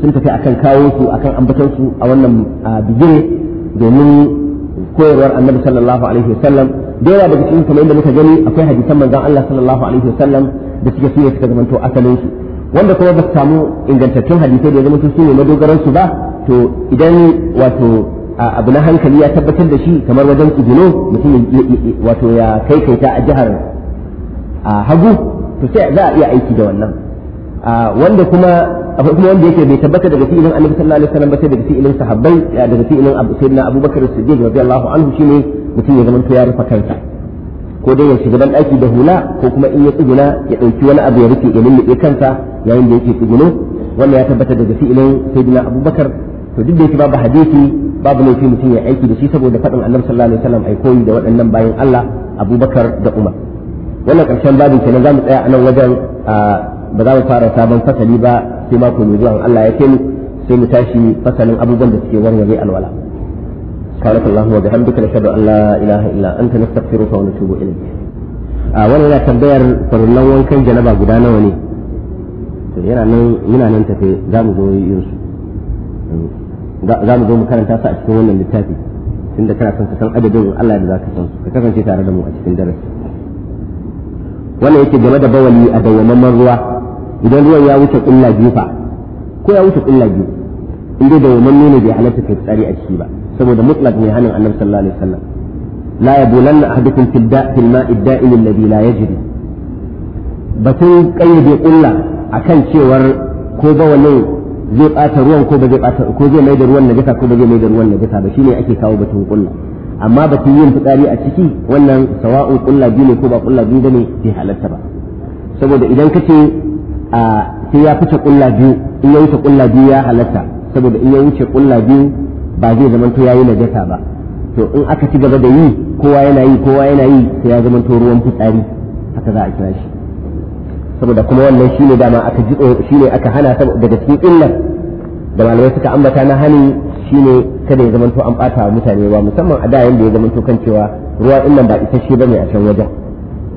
B: sun tafi akan kawo su akan ambaton su a wannan bigire domin koyarwar annabi sallallahu alaihi wasallam da yawa daga cikin kamar yadda muka gani akwai hadisan manzon Allah sallallahu alaihi wasallam da suke fiye suka zamanto asalin su wanda kuma ba su samu ingantattun hadisai da ya zama su ne madogaran su ba to idan wato abu na hankali ya tabbatar da shi kamar wajen ibino mutum wato ya kai kaita a jihar hagu to sai za a iya aiki da wannan wanda kuma akwai kuma wanda yake bai tabbata daga fi'ilin annabi sallallahu alaihi wasallam ba sai daga fi'ilin sahabbai daga fi'ilin sayyidina abubakar siddiq radiyallahu anhu shine mutum ya zama ya rufe kansa ko dai ya shiga ban daki da hula ko kuma in ya tsuguna ya ɗauki wani abu ya rufe ya lullube kansa yayin da yake tsuguno wannan ya tabbata daga fi'ilin sayyidina abubakar to duk da yake babu hadisi babu laifi mutum ya aiki da shi saboda faɗin annabi sallallahu alaihi wasallam ai koyi da waɗannan bayan Allah abubakar da umar wannan karshen babin kenan za mu tsaya a nan wajen ba za mu fara sabon fasali ba sai mako mai zuwa Allah ya kai mu sai mu tashi fasalin abubuwan da suke warware alwala سبحانك اللهم وبحمدك نشهد ان لا اله الا انت نستغفرك ونتوب اليك a wani ya tambayar farillan wankan janaba guda nawa ne to yana nan yana nan tafe za mu zo yin su za mu zo mu karanta su a cikin wannan littafi tunda kana son ka san adadin Allah da zaka san su ka kasance tare da mu a cikin darasi wannan yake game da bawali a dawwamamman ruwa idan ruwan ya wuce illa biyu ko ya wuce illa biyu in dai da wannan ne bai halatta kai tsari a ciki ba saboda mutlaq ne hannun annabi sallallahu alaihi wasallam la yabulanna ahadukum fil da' fil ma'i da'im alladhi la yajri batun kayyade kulla akan cewar ko ba wannan zai bata ruwan ko ba zai bata ko zai mai da ruwan najasa ko ba zai mai da ruwan najasa ba shine ake kawo batun kulla amma batun yin fitsari a ciki wannan sawa'un kulla biyu ne ko ba kulla biyu bane bai halatta ba saboda idan kace a sai ya fice kulla biyu in ya wuce kulla biyu ya halatta saboda in ya wuce kulla biyu ba zai zama to yayi najasa ba to in aka ci gaba da yi kowa yana yi kowa yana yi sai ya zama to ruwan fitsari haka za a kira shi saboda kuma wannan shine dama aka ji shine aka hana daga cikin illar da malamai suka ambata na hani shine kada ya zama to an bata mutane ba musamman a da yanda ya zama to kan cewa ruwa din nan ba isasshe bane a can wajen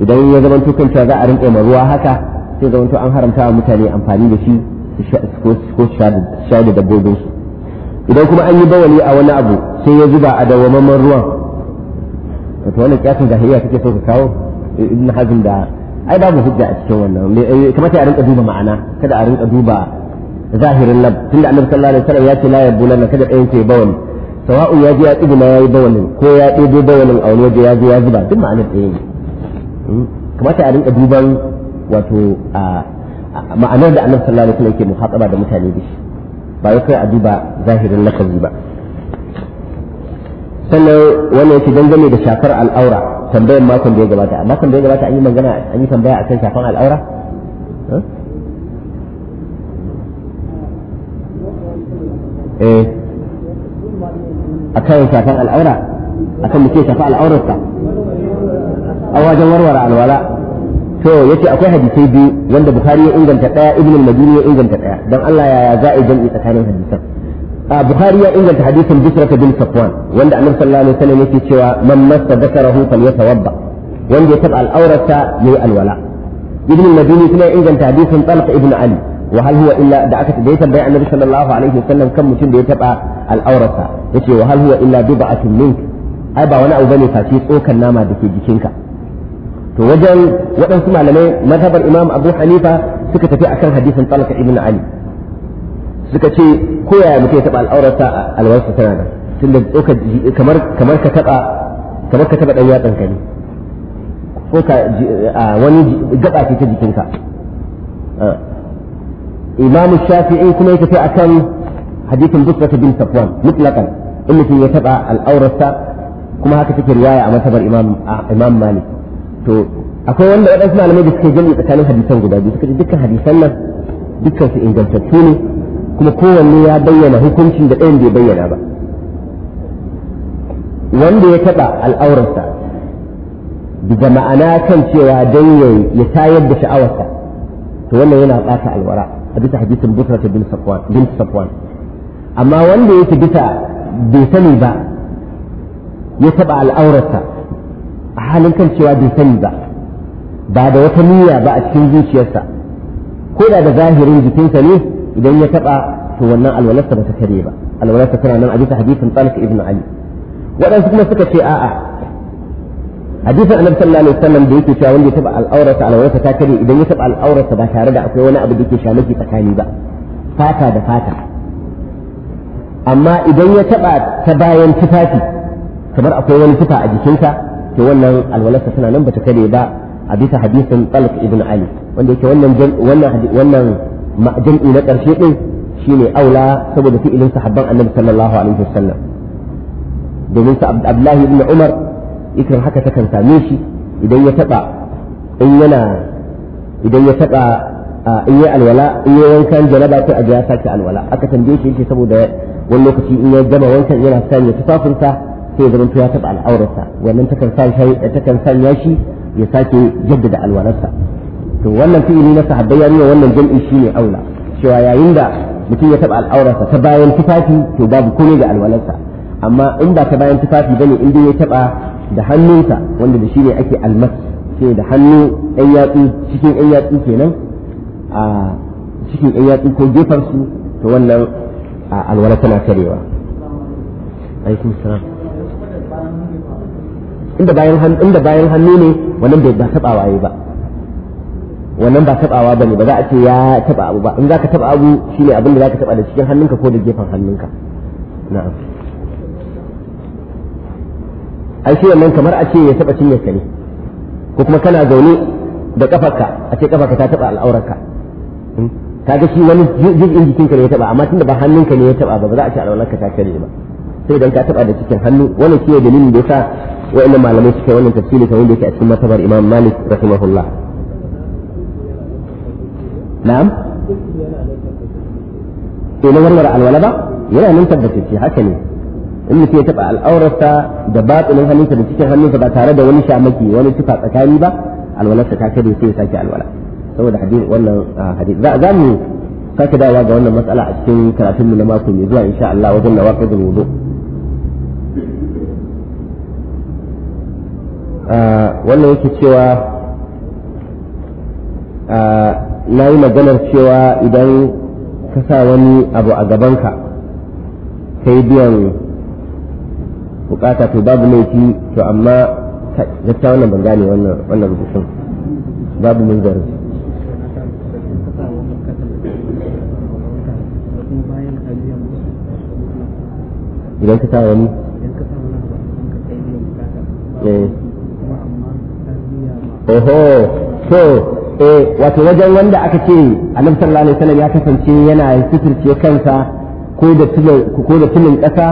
B: idan ya zama to kan cewa za a rinƙe ma ruwa haka sai zama to an haramta wa mutane amfani da shi ko sha da dabbobin su idan kuma an yi bawali a wani abu sai ya zuba a dawwamamman ruwan wato wannan kiyasin jahiliya kake so ka kawo ibn hazm da ai babu hujja a cikin wannan eh, kamata a rinka duba ma'ana kada a rinka duba zahirin lab tunda annabi sallallahu alaihi wasallam ya ce la yabulanna kada ɗayan ke bawali sawa'u ya ji ya tsibina ya yi bawalin ko ya ɗebo bawalin a wani waje ya je ya zuba duk ma'anar ɗaya ne hmm? kamata a rinka duban wato a ma'anar da annabi sallallahu alaihi wasallam yake muhataba da mutane da shi ba ya kai a duba zahirin lafazi ba sannan wannan yake dangane da shafar al'aura tambayar makon da ya gabata amma kan da ya gabata an yi magana an yi tambaya akan shafan al'aura eh akan shafan al'aura akan mutum shafa al'aurarsa
C: a wajen warware alwala
B: to yace akwai hadisai biyu wanda bukhari ya inganta daya ibn al-madini ya inganta daya dan Allah ya za a jami'i tsakanin hadisan bukhari ya inganta hadisin bisrata bin safwan wanda annabi sallallahu alaihi wasallam yake cewa man massa dhakarahu falyatawadda wanda ya taba al'aurata yayi alwala ibn al-madini kuma ya inganta hadisin talq ibn ali wa hal huwa illa da aka da ya tambaya annabi sallallahu alaihi wasallam kan mutum da ya taba al'aurata yace wa hal huwa illa bid'atun mink ai ba wani abu bane face tsokan nama da ke jikinka to wajen waɗansu malamai mazhabar imam abu hanifa suka tafi akan hadisin talaka ibn ali suka ce ko yaya mutum ya taɓa al'aurarsa alwarsa tana da tunda kamar kamar ka taɓa kamar ka taɓa ɗan yatsan ka ne ko ka wani gaba ce ta jikinka imam shafi'i kuma ya tafi akan hadisin busrata bin safwan mutlaqan in mutum ya taɓa al'aurarsa kuma haka take riwaya a matabar imam imam malik to akwai wanda wadansu malamai da suke jami'i tsakanin hadisan guda biyu suka ce dukkan hadisan nan dukkan su ingantattu ne kuma kowanne ya bayyana hukuncin da ɗayan bai bayyana ba wanda ya taɓa al'aurarsa da ma'ana kan cewa dan ya tayar da sha'awarsa to wannan yana ɓata alwara a bisa hadisin busra bin bin safwan amma wanda yake bisa bai sani ba ya taɓa al'aurarsa a halin kan cewa bai sani ba ba da wata niyya ba a cikin zuciyarsa ko da da zahirin jikinsa ne idan ya taɓa to wannan alwalarsa ba ta kare ba alwalarsa tana nan a bisa hadisin Talib ibn Ali waɗansu kuma suka ce a'a hadisin annabi sallallahu alaihi wasallam da yake cewa wanda ya taɓa al'aurarsa alwalarsa ta kare idan ya taɓa al'aurarsa ba tare da akwai wani abu da yake shamaki tsakani ba fata da fata amma idan ya taɓa ta bayan tufafi kamar akwai wani tufa a jikinsa yake wannan alwalarsa tana nan bata kare ba a bisa hadisin Talq ibn Ali wanda yake wannan wannan wannan jam'i na karshe din shine aula saboda fi'ilin sahabban Annabi sallallahu alaihi wasallam domin sa Abdullahi ibn Umar ikin haka takan same shi idan ya taba in yana idan ya taba in yi alwala in yi wankan jalaba sai a ga ya sake alwala aka tambaye shi yake saboda wani lokaci in ya gama wankan yana sanya tufafinsa sai ya zamanto ya taɓa al'aurarsa wannan takan sanya shi ya sake jaddada alwalarsa to wannan fi'ili na sahabbai ya nuna wannan jam'i shine aula cewa yayin da mutum ya taɓa al'aurarsa ta bayan tufafi to babu komai ga alwalarsa amma in ba ta bayan tufafi bane in dai ya taɓa da hannunsa wanda da shi ne ake almas sai da hannu ɗan yatsu cikin ɗan yatsu kenan a cikin ɗan yatsu ko gefarsu to wannan alwala tana karewa inda bayan hannu inda bayan hannu ne wannan bai ba tabawa yayi ba wannan ba tabawa bane ba za a ce ya taba abu ba in zaka taba abu shine abin da zaka taba da cikin hannunka ko da gefen hannunka na'am ai shi wannan kamar a ce ya taba cinyar ka ne ko kuma kana zaune da kafarka a ce kafarka ta taba al'aurarka hmm? kaga shi wani juz'in jikinka ne ya taba amma tunda ba hannunka ne ya taba ba ba za a ce al'aurarka ta kare ba sai dan ka taba da cikin hannu wannan shine dalilin da yasa wa'annan malamai suka wannan tafsiri kamar da yake a cikin matabar Imam Malik rahimahullah na'am to na warware alwalaba yana nan tabbata ce haka ne in mutum ya taba al'aurarsa da batsunin hannunsa da cikin hannunsa ba tare da wani shamaki wani tufa tsakani ba alwalarsa ta kare sai ya sake alwala saboda hadith wannan hadith za mu sake dawowa ga wannan matsala a cikin karatun mu na mako mai zuwa insha Allah wajen nawaqidul wudu' wannan yake cewa na yi maganar cewa idan ka sa wani abu a gabanka ka yi biyan bukata to babu laifi to amma gaskiya wannan ban gane wannan rubutun babu mun zarar idan ka sa wani oho so eh wato wajen wanda aka ce annabi sallallahu alaihi wasallam ya kasance yana suturce kansa ko da tulin ko da kasa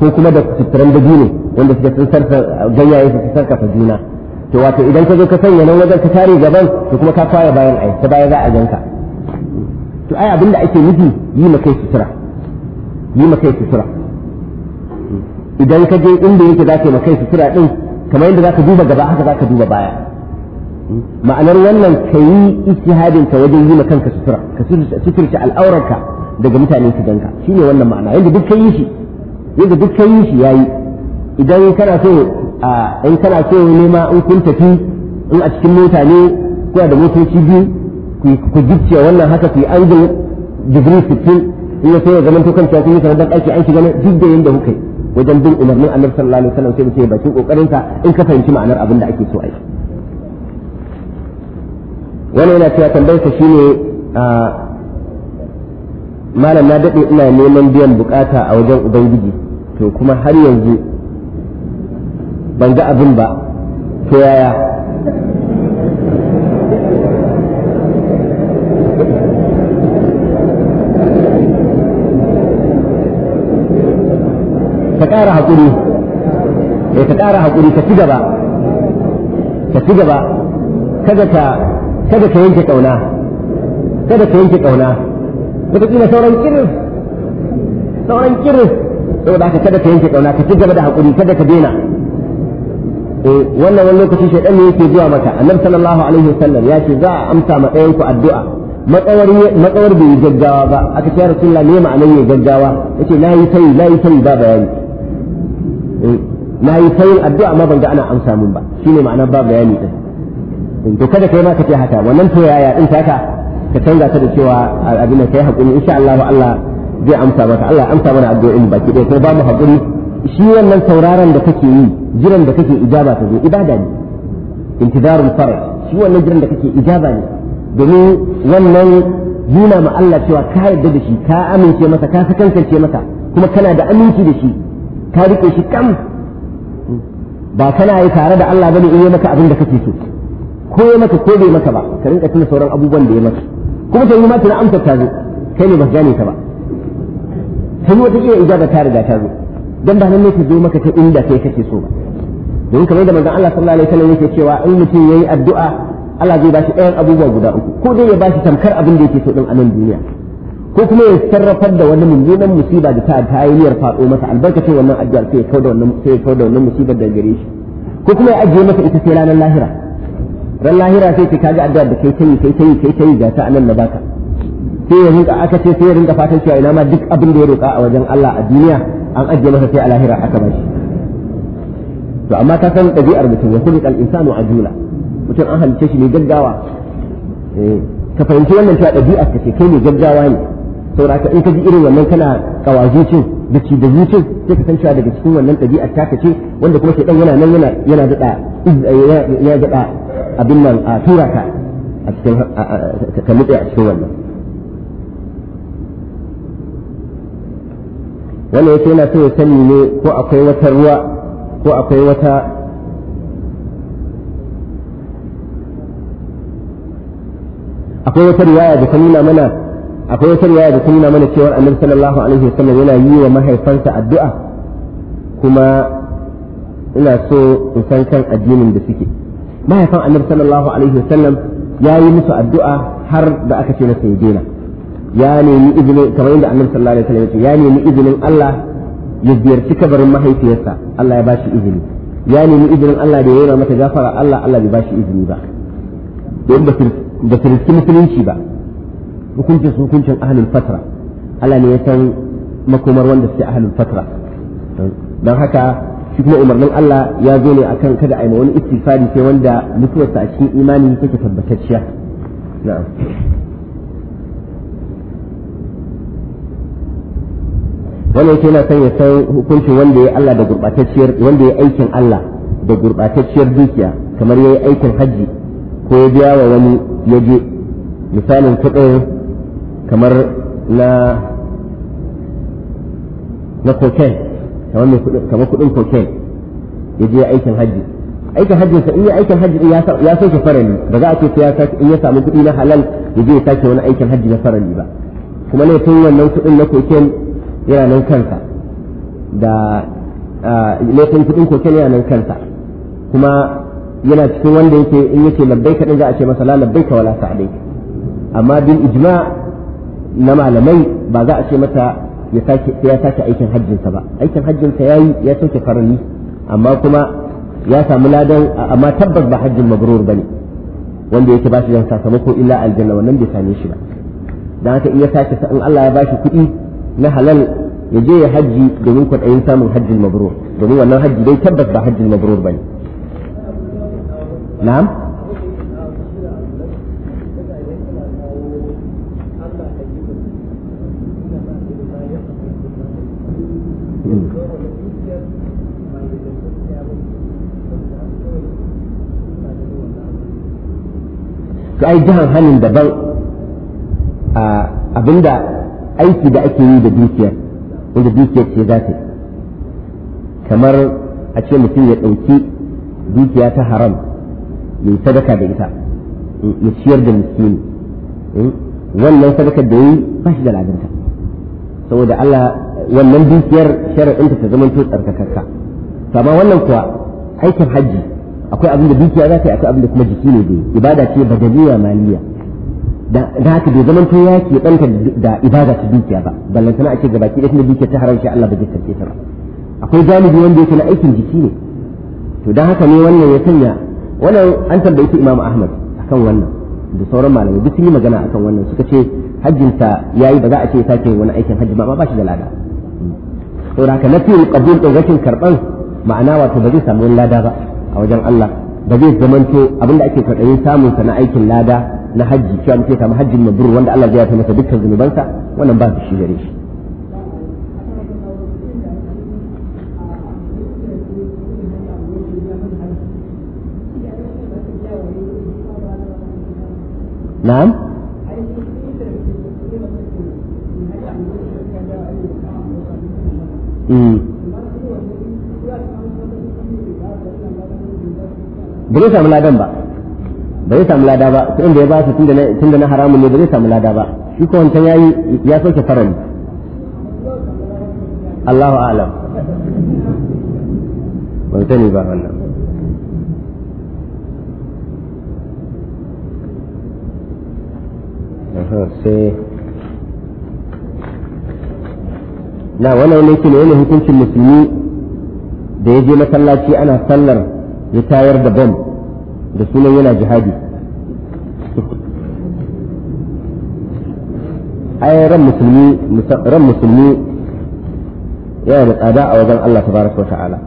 B: ko kuma da da dabino wanda suka sun sarfa ganyaye su fa juna to wato idan ka zo ka sanya nan wajen ka tare gaban to kuma ka kwaya bayan ai ta baya za a ganka to ai abinda ake nufi yi ma kai sutura yi ma kai sutura idan ka je inda yake zaka yi ma kai sutura din kamar yadda za ka duba gaba haka za ka duba baya ma'anar wannan ka yi ijtihadin ka wajen yi kanka sutura ka suturta al'aurarka daga mutane su ganka shine wannan ma'ana yadda duk ka yi shi yanda duk ka yi shi yayi idan kana so in kana so nema in kun tafi in a cikin mota ne kuna da motoci biyu ku gicce wannan haka ku yi angle degree 60 in ya so ya zama to kanta kun yi sanadar aiki an shiga duk da yanda kuka yi wajen bin umarnin annabi sallallahu alaihi wasallam sai mutum ya bakin kokarinka in ka fahimci ma'anar abin da ake so a yi wani yana cewa tambayarsa shine malam na daɗe ina neman biyan bukata a wajen ubangiji to kuma har yanzu ban ga abin ba to yaya
A: ka ƙara haƙuri
B: eh, ka ƙara haƙuri ka ci gaba ka ci gaba kada ka kada ka yanke kauna kada ka yanke kauna wataƙila sauran kirin sauran kirin saboda haka kada ka yanke kauna ka ci gaba da haƙuri kada ka daina eh, wannan wani lokaci shaidan ne yake zuwa maka annabi sallallahu alaihi wasallam ya ce za a amsa matsayin ku addu'a matsawar matsawar bai yi gaggawa ba aka ce rasulullah ne ma'anar yi gaggawa yace na yi sai na yi sai ba bayani eh, na yi sai addu'a ma ban ga ana amsa mun ba shine ma'anar ba bayani din to kada kai ma ka ce haka wannan to yaya din taka ka canza ta da cewa abin da kai hakuri insha Allah Allah zai amsa maka Allah amsa mana addu'o'in baki dai sai ba mu hakuri shi wannan sauraron da kake yi jiran da kake ijaba ta zo ibada ne intizarul faraj shi wannan jiran da kake ijaba ne domin wannan nuna ma Allah cewa ka yarda da shi ka amince masa ka sakankance masa kuma kana da aminci da shi ka rike shi kam ba kana yi tare da Allah bane in yi maka abin da kake so ko ya maka ko bai maka ba ka rinka tuna sauran abubuwan da ya maka kuma ta yi ma na amsar ta zo kai ne ba gane ta ba ta yi wata iya ijaba ta riga ta zo dan ba nan ne ta zo maka ta inda kai kake so ba ka kamar da manzon Allah sallallahu alaihi wasallam yake cewa in mutum yayi addu'a Allah zai bashi ɗayan abubuwa guda uku ko dai ya bashi tamkar abin da yake so din a nan duniya ko kuma ya sarrafar da wani mummunan musiba da ta ta yi niyyar faɗo masa albarkace wannan addu'a sai ya kauda wannan sai ya kauda wannan musibar da gare shi ko kuma ya ajiye masa ita sai ranar lahira ran lahira sai ce kaga addu'a da kai ta yi kai ta yi kai ta yi ga ta anan na baka sai ya rinka aka ce sai ya rinka fatan cewa ina ma duk abin da ya roƙa a wajen Allah a duniya an ajiye masa sai a lahira aka bashi to amma ta san ɗabi'ar mutum ya kulli kal insanu ajula mutum an halice shi ne gaggawa eh, ka fahimci wannan cewa ɗabi'ar ka ce kai ne gaggawa ne saboda ka in ka ji irin wannan kana kawazucin da ci da zucin sai ka san cewa daga cikin wannan ɗabi'ar ka ce wanda kuma ke dan yana nan yana yana da ya daɗa eh, abin nan a tura ka a cikin ka nutse a cikin wannan wannan yake yana so ya sani ne ko akwai wata ruwa ko akwai wata akwai wata riwaya da ta nuna mana akwai wata riwaya da ta nuna mana cewa annabi sallallahu alaihi wasallam yana yi wa mahaifansa addu'a kuma ina so in san kan addinin da suke mahaifan annabi sallallahu alaihi wasallam ya yi musu addu'a har da aka ce na sai dena ya nemi izinin kamar yadda annabi sallallahu alaihi wasallam ya nemi izinin Allah ya ziyarci kabarin mahaifiyarsa Allah ya ba shi izini ya nemi izinin Allah da ya yana mata gafara Allah Allah bai ba shi izini ba don ba su riski musulunci ba hukuncin su hukuncin ahlul fatra Allah ne ya san makomar wanda suke ahlul fatra don haka shi kuma umarnin Allah ya zo ne akan kada a yi wani istifari sai wanda mutuwarsa a cikin imani take tabbatacciya na'am yake yana son ya san hukuncin wanda ya Allah da gurbatacciyar wanda ya aikin Allah da gurbatacciyar dukiya kamar ya yi aikin hajji ko ya biya wa wani ya je misalin kuɗin kamar na na cocaine kamar kuɗin cocaine ya je aikin hajji aikin hajji sa in aikin hajji din ya sauke farali ba za a ce ya sake in ya samu kuɗi na halal ya je ya sake wani aikin hajji na farali ba kuma ne tun wannan kuɗin na cocaine yana nan kansa da ne tun kuɗin cocaine yana nan kansa kuma yana cikin wanda yake in yake labbai kaɗin za a ce masa la labbai ka wala sa'adai amma bin ijma na malamai ba za a ce mata ya sake ya sake aikin hajjin sa ba aikin hajjin sa yayi ya sauke farali amma kuma ya samu ladan amma tabbas ba hajjin mabrur bane wanda yake ba shi da sakamako illa aljanna wannan bai same shi ba dan haka in ya sake in Allah ya bashi kuɗi na halal ya je ya hajji domin kwaɗayin samun hajjin mabrur domin wannan hajji dai tabbas ba hajjin mabrur bane na'am to ai jihar hannun daban a abinda aiki da ake yi da dukiyar wanda dukiyar ce za ta kamar a ce mutum ya ɗauki dukiya ta haram ya yi sadaka da ita ya ciyar da miskini hmm? wannan sadakar da yi ba shi da ladanta saboda Allah wannan dukiyar shari'inta ta zama to tsarkakakka amma wannan kuwa aikin hajji akwai abin da dukiya za ta yi akwai abin da kuma jiki ne zai ibada ce badaniya maliya da haka bai zaman to ya ke ɗanta da ibada ta dukiya ba ballan sana a ce gabaki ɗaya kuma dukiya ta shi Allah ba zai karɓe ta ba akwai galibi wanda yake na aikin jiki ne to dan haka ne wannan ya sanya wannan an tambayi su Imam Ahmad akan wannan da sauran malamai duk sun yi magana akan wannan suka ce hajjinta yayi ba za a ce ya sake wani aikin hajji ba ba shi da lada saboda haka na nafi qabul din rashin karban ma'ana wato ba zai samu wani lada ba a wajen Allah ba zai zama to abinda ake kwaɗayin samun sa na aikin lada na haji cewa mutum ya samu hajjin mabrur wanda Allah zai yafe masa dukkan zunubansa wannan ba su shi gare shi Na'am Mm. ba zai samu ladan ba ba zai samu lada ba kuɗin inda ya ba su tunda tunda na haramun ne ba zai samu lada ba shi ko wancan yayi ya soke faran Allahu a'lam ban ne ba wannan sai na wannan ne ne hukuncin musulmi da ya je masallaci ana sallar ya tayar da bom da sunan yana jihadi ai ran musulmi ran musulmi yana da tsada a wajen Allah tabaraka wa ta'ala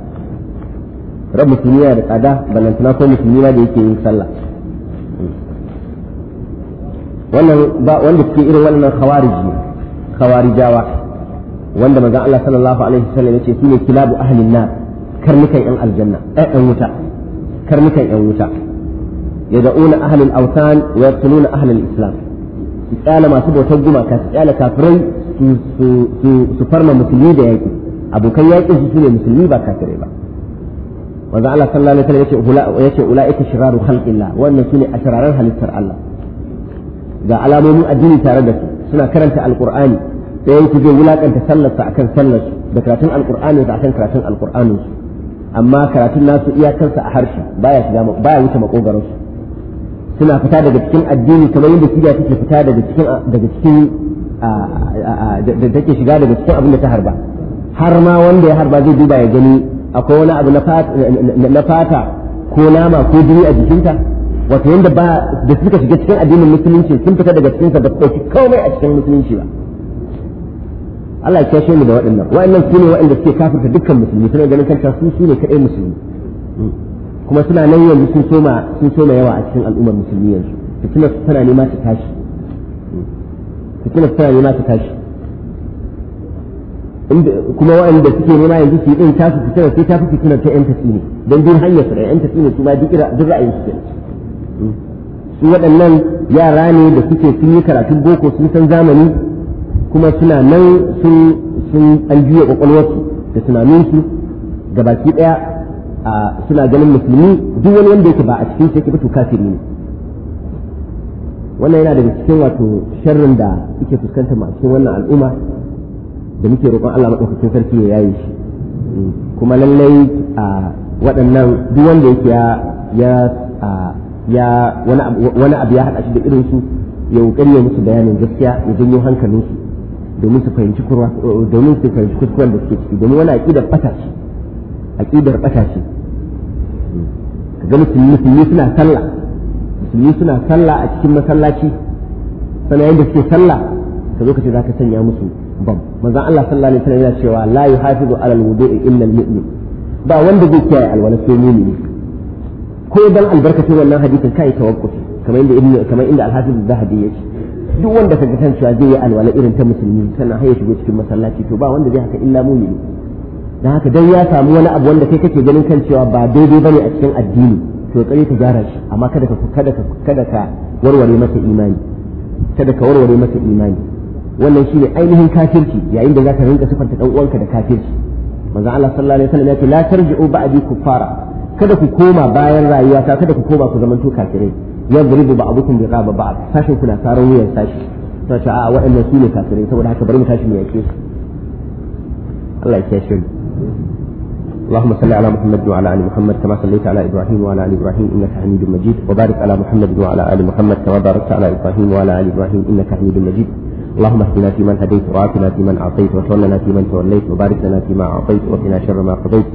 B: ran musulmi yana da tsada balantana ko musulmi na da yake yin sallah wannan ba wanda ke irin wannan khawariji khawarijawa wanda manzon Allah sallallahu alaihi wasallam yace sune kilabu ahlin nar karnukan yan aljanna ai wuta karnukan yan wuta yad'una ahlul awthan wa yaqtuluna ahalin islam su kyala masu bautar gumaka su kyala kafirai su farma musulmi da yaƙi abokan yaƙi su sune musulmi ba kafirai ba wanda Allah sallallahu alaihi wasallam yace ulaika shiraru khalqillah wannan sune ashararan halittar Allah ga alamomin addini tare da su suna karanta alƙur'ani sai yake zai wulakanta sallarsa akan sallarsu da karatun alqur'ani da akan karatun alƙur'aninsu. amma karatun nasu iyakarsa a harshe baya shiga baya wuce suna fita daga cikin addini kamar yadda kida take fita daga cikin daga cikin da take shiga daga cikin abin da ta harba har ma wanda ya harba zai duba ya gani akwai wani abu na fata ko nama ko jini a jikinta wato yadda ba da suka shiga cikin addinin musulunci sun fita daga cikin sa da su komai a cikin musulunci ba Allah ya kyashe mu da waɗannan waɗannan su ne waɗanda suke kafirta dukkan musulmi suna ganin kanta su su ne kaɗai musulmi kuma suna nan yanzu sun soma sun soma yawa a cikin al'ummar musulmi yanzu fitinar su tana nema ta tashi fitinar su tana nema ta tashi kuma waɗanda suke nema yanzu su yi ɗin tasu fitinar sai tafi fitinar ta 'yan tafi ne don bin hanyar su 'yan tafi ne su ma duk ra'ayin
C: su
B: su waɗannan yara ne da suke sun yi karatun boko sun san zamani kuma suna nan sun sun an juya kwakwalwarsu da tunaninsu gabaki daya suna ganin musulmi duk wani wanda yake ba a cikin shi yake ba to kafiri ne wannan yana daga cikin wato sharrin da yake fuskanta ma cikin wannan al'umma da muke roƙon Allah madaukakin sarki ya yaye shi kuma lallai a waɗannan duk wanda yake ya ya wani abu ya haɗa shi da irin su ya ƙarya musu bayanin gaskiya ya janyo hankalinsu domin su fahimci kurwa domin su fahimci kuskuren da suke ciki domin wani aqidar fata ce aqidar fata ce kaga musulmi suna sallah musulmi suna sallah a cikin masallaci sanayin da suke sallah ka zo ka ce zaka sanya musu bam manzon Allah sallallahu alaihi wasallam yana cewa la yuhafizu ala alwudu'i illa almu'min ba wanda zai kiyaye alwala sai mu'mini ko dan albarkacin wannan hadisin kai tawakkufi kamar inda ibnu kamar inda alhafiz zahabi yake duk wanda ka ga cewa zai yi alwala irin ta musulmi sannan har ya shigo cikin masallaci to ba wanda zai haka illa mumini dan haka dan ya samu wani abu wanda kai kake ganin kan cewa ba daidai bane a cikin addini to kare ka gyara shi amma kada ka kada ka kada ka warware masa imani kada ka warware masa imani wannan shine ainihin kafirci yayin da zaka rinka sifanta dan uwanka da kafirci manzo Allah sallallahu alaihi wasallam ya ce la tarji'u ba'di kuffara kada ku koma bayan rayuwata kada ku koma ku zamanto kafirai yadribu ba'dukum biqaba ba'd sashin kuna sarar wuyan sashi sai ta a waɗannan su ne kafirai saboda haka bari mu tashi mu yake su Allah ya kiyaye mu اللهم صل على محمد وعلى ال محمد كما صليت على ابراهيم وعلى ال ابراهيم انك حميد مجيد وبارك على محمد وعلى ال محمد كما باركت على ابراهيم وعلى ال ابراهيم انك حميد مجيد اللهم اهدنا فيمن هديت وعافنا فيمن عافيت وتولنا فيمن توليت وبارك لنا فيما اعطيت وقنا شر ما قضيت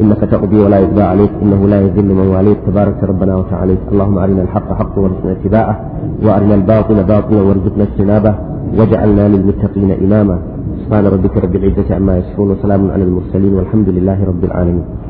B: إنك تقضي ولا يقضى عليك إنه لا يذل من واليت تبارك ربنا وتعاليك اللهم أرنا الحق حقا وارزقنا اتباعه وأرنا الباطل باطلا وارزقنا اجتنابه واجعلنا للمتقين إماما سبحان ربك رب العزة عما يصفون وسلام على المرسلين والحمد لله رب العالمين